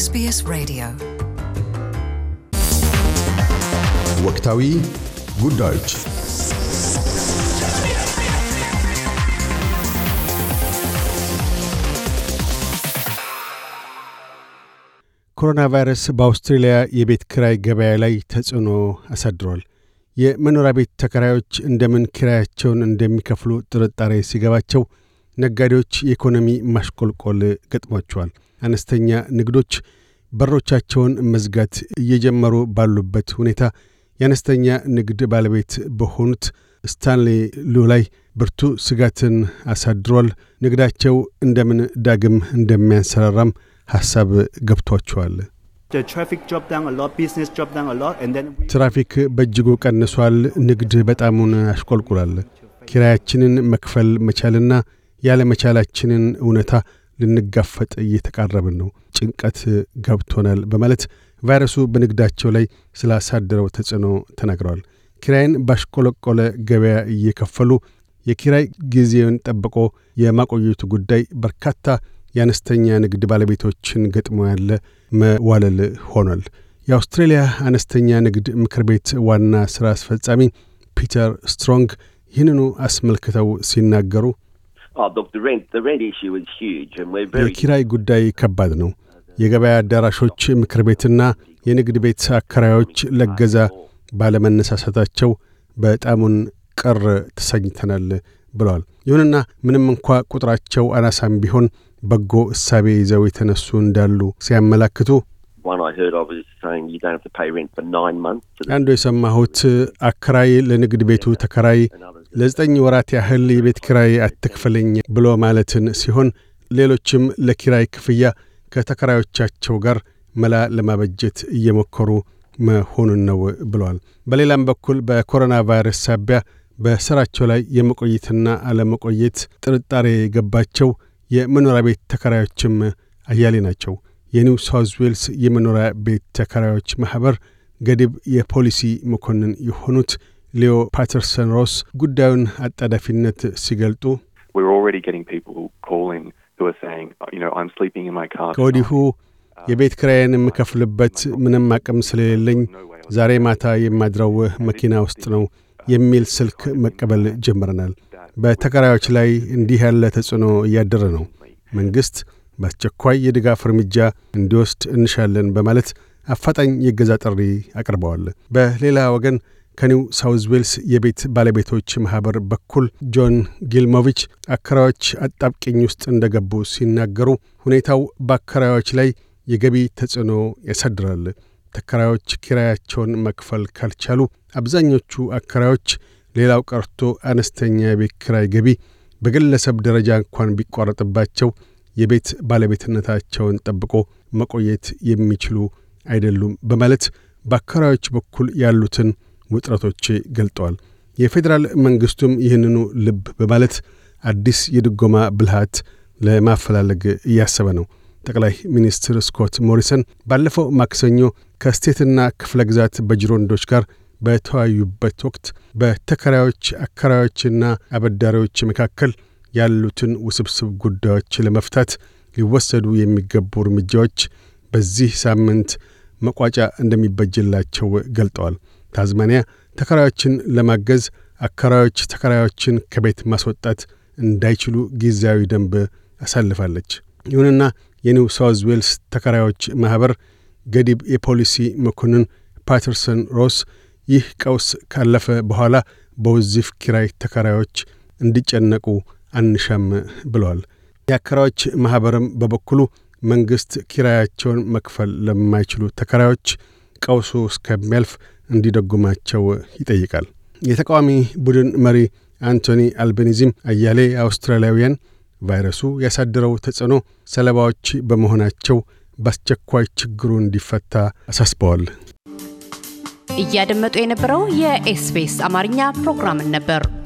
ኤስቢኤስ ሬዲዮ ወቅታዊ ጉዳዮች ኮሮና ቫይረስ በአውስትሬልያ የቤት ክራይ ገበያ ላይ ተጽዕኖ አሳድሯል። የመኖሪያ ቤት ተከራዮች እንደምን ኪራያቸውን እንደሚከፍሉ ጥርጣሬ ሲገባቸው ነጋዴዎች የኢኮኖሚ ማሽቆልቆል ገጥሟቸዋል። አነስተኛ ንግዶች በሮቻቸውን መዝጋት እየጀመሩ ባሉበት ሁኔታ የአነስተኛ ንግድ ባለቤት በሆኑት ስታንሌ ሉ ላይ ብርቱ ስጋትን አሳድሯል። ንግዳቸው እንደምን ዳግም እንደሚያንሰራራም ሐሳብ ገብቷቸዋል። ትራፊክ በእጅጉ ቀንሷል። ንግድ በጣሙን አሽቆልቁላል። ኪራያችንን መክፈል መቻልና ያለመቻላችንን እውነታ ልንጋፈጥ እየተቃረብን ነው፣ ጭንቀት ገብቶናል በማለት ቫይረሱ በንግዳቸው ላይ ስላሳደረው ተጽዕኖ ተናግረዋል። ኪራይን ባሽቆለቆለ ገበያ እየከፈሉ የኪራይ ጊዜውን ጠብቆ የማቆየቱ ጉዳይ በርካታ የአነስተኛ ንግድ ባለቤቶችን ገጥሞ ያለ መዋለል ሆኗል። የአውስትሬልያ አነስተኛ ንግድ ምክር ቤት ዋና ሥራ አስፈጻሚ ፒተር ስትሮንግ ይህንኑ አስመልክተው ሲናገሩ የኪራይ ጉዳይ ከባድ ነው። የገበያ አዳራሾች ምክር ቤትና የንግድ ቤት አከራዮች ለገዛ ባለመነሳሳታቸው በጣሙን ቅር ተሰኝተናል ብለዋል። ይሁንና ምንም እንኳ ቁጥራቸው አናሳም ቢሆን በጎ እሳቤ ይዘው የተነሱ እንዳሉ ሲያመላክቱ አንዱ የሰማሁት አከራይ ለንግድ ቤቱ ተከራይ ለዘጠኝ ወራት ያህል የቤት ኪራይ አትክፈለኝ ብሎ ማለትን ሲሆን ሌሎችም ለኪራይ ክፍያ ከተከራዮቻቸው ጋር መላ ለማበጀት እየሞከሩ መሆኑን ነው ብለዋል። በሌላም በኩል በኮሮና ቫይረስ ሳቢያ በስራቸው ላይ የመቆየትና አለመቆየት ጥርጣሬ የገባቸው የመኖሪያ ቤት ተከራዮችም አያሌ ናቸው። የኒው ሳውዝ ዌልስ የመኖሪያ ቤት ተከራዮች ማኅበር ገዲብ የፖሊሲ መኮንን የሆኑት ሊዮ ፓተርሰን ሮስ ጉዳዩን አጣዳፊነት ሲገልጡ oh, ከወዲሁ የቤት ክራይን የምከፍልበት ምንም አቅም ስለሌለኝ ዛሬ ማታ የማድረው መኪና ውስጥ ነው የሚል ስልክ መቀበል ጀምረናል። በተከራዮች ላይ እንዲህ ያለ ተጽዕኖ እያደረ ነው። መንግሥት በአስቸኳይ የድጋፍ እርምጃ እንዲወስድ እንሻለን በማለት አፋጣኝ የገዛ ጥሪ አቅርበዋል። በሌላ ወገን ከኒው ሳውዝ ዌልስ የቤት ባለቤቶች ማኅበር በኩል ጆን ጊልሞቪች አከራዮች አጣብቂኝ ውስጥ እንደገቡ ሲናገሩ ሁኔታው በአከራዮች ላይ የገቢ ተጽዕኖ ያሳድራል። ተከራዮች ኪራያቸውን መክፈል ካልቻሉ አብዛኞቹ አከራዮች ሌላው ቀርቶ አነስተኛ የቤት ኪራይ ገቢ በግለሰብ ደረጃ እንኳን ቢቋረጥባቸው የቤት ባለቤትነታቸውን ጠብቆ መቆየት የሚችሉ አይደሉም በማለት በአከራዮች በኩል ያሉትን ውጥረቶች ገልጠዋል። የፌዴራል መንግስቱም ይህንኑ ልብ በማለት አዲስ የድጎማ ብልሃት ለማፈላለግ እያሰበ ነው። ጠቅላይ ሚኒስትር ስኮት ሞሪሰን ባለፈው ማክሰኞ ከስቴትና ክፍለ ግዛት በጅሮንዶች ጋር በተወያዩበት ወቅት በተከራዮች አከራዮችና አበዳሪዎች መካከል ያሉትን ውስብስብ ጉዳዮች ለመፍታት ሊወሰዱ የሚገቡ እርምጃዎች በዚህ ሳምንት መቋጫ እንደሚበጅላቸው ገልጠዋል። ታዝማኒያ ተከራዮችን ለማገዝ አከራዮች ተከራዮችን ከቤት ማስወጣት እንዳይችሉ ጊዜያዊ ደንብ አሳልፋለች። ይሁንና የኒው ሳውዝ ዌልስ ተከራዮች ማኅበር ገዲብ የፖሊሲ መኮንን ፓተርሰን ሮስ ይህ ቀውስ ካለፈ በኋላ በውዝፍ ኪራይ ተከራዮች እንዲጨነቁ አንሻም ብለዋል። የአከራዮች ማኅበርም በበኩሉ መንግሥት ኪራያቸውን መክፈል ለማይችሉ ተከራዮች ቀውሱ እስከሚያልፍ እንዲደጉማቸው ይጠይቃል። የተቃዋሚ ቡድን መሪ አንቶኒ አልቤኒዚም አያሌ አውስትራሊያውያን ቫይረሱ ያሳደረው ተጽዕኖ ሰለባዎች በመሆናቸው በአስቸኳይ ችግሩ እንዲፈታ አሳስበዋል። እያደመጡ የነበረው የኤስቢኤስ አማርኛ ፕሮግራምን ነበር።